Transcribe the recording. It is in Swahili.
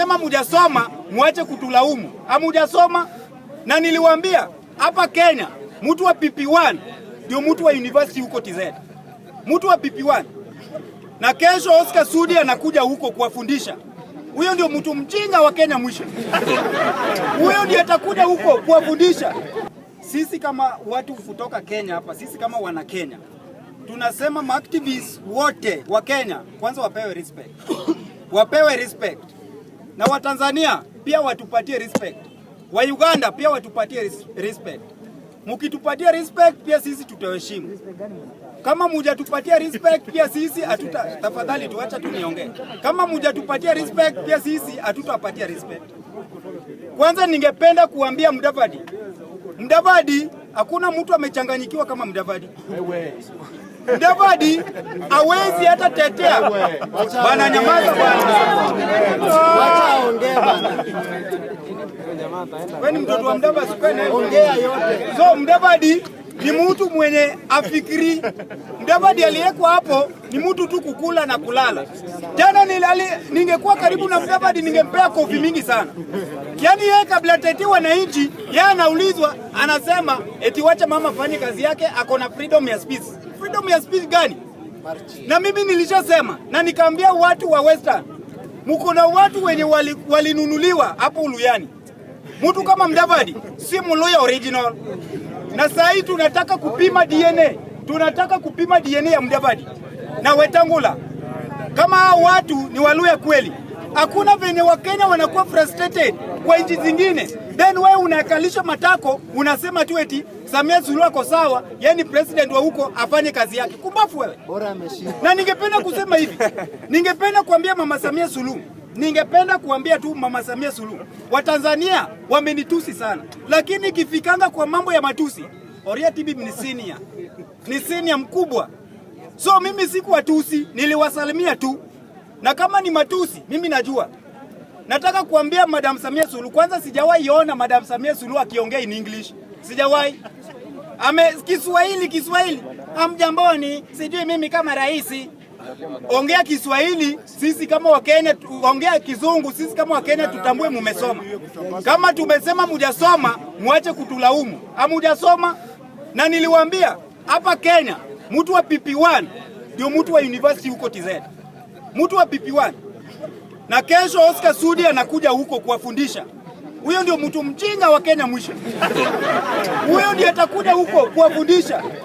Mnasema mujasoma, mwache kutulaumu. Hamujasoma na niliwaambia hapa Kenya mtu wa PP1 ndio mtu wa university huko TZ. Mtu wa PP1. Na kesho Oscar Sudi anakuja huko kuwafundisha. Huyo ndio mtu mjinga wa Kenya mwisho. Huyo ndio atakuja huko kuwafundisha. Sisi kama watu kutoka Kenya hapa, sisi kama wana Kenya tunasema maactivists wote wa Kenya kwanza wapewe respect, wapewe respect na Watanzania pia watupatie respect, wa Uganda pia watupatie respect. Mkitupatia respect pia sisi tutaheshimu. Kama mujatupatia respect pia sisi hatuta, tafadhali tuacha niongee. Kama mujatupatia respect pia sisi hatutapatia respect. Kwanza ningependa kuambia Mdavadi, Mdavadi hakuna mtu amechanganyikiwa kama Mdavadi. Mdavadi hawezi hata tetea bana, nyamaza bwana ni mtoto wa Mdava, yote. So Mdavadi ni mtu mwenye afikiri. Mdavadi aliyekuwa hapo ni mtu tu kukula na kulala. Jana nilali, ningekuwa karibu na Mdavadi ningempea kofi mingi sana. Yaani yeye kabla tete wananchi, yeye anaulizwa anasema eti wacha mama fanye kazi yake, ako na freedom ya speech. Freedom ya speech gani? Na mimi nilishasema na nikaambia watu wa Western muko na watu wenye walinunuliwa wali hapo Uluyani. Mtu kama Mdavadi si Mluya original, na saa hii tunataka kupima DNA, tunataka kupima DNA ya Mdavadi na Wetangula. Kama hao watu ni Waluya kweli, hakuna venye Wakenya wanakuwa frustrated kwa nchi zingine Then wewe unakalisha matako, unasema tu eti Samia Suluhu ako sawa, yani president wa huko afanye kazi yake. Kumbafu wewe. Bora ameshinda. Na ningependa kusema hivi, ningependa kuambia mama Samia Suluhu ningependa kuambia tu mama Samia Suluhu, Watanzania wamenitusi sana, lakini ikifikanga kwa mambo ya matusi, Oria bibi ni senior, ni senior mkubwa. So mimi siku watusi, niliwasalimia tu, na kama ni matusi mimi najua Nataka kuambia Madam Samia Suluhu, kwanza sijawahi ona Madam Samia Suluhu akiongea in English, sijawahi ame Kiswahili Kiswahili amjamboni, sijui mimi kama rais ongea Kiswahili, sisi kama Wakenya ongea Kizungu, sisi kama Wakenya tutambue mumesoma. Kama tumesema mujasoma, mwache kutulaumu amujasoma. Na niliwaambia hapa Kenya, mtu wa PP1 ndio mtu wa university huko TZ, mtu wa PP1 na kesho Oscar Sudi anakuja huko kuwafundisha. Huyo ndio mtu mjinga wa Kenya mwisho, huyo ndiye atakuja huko kuwafundisha.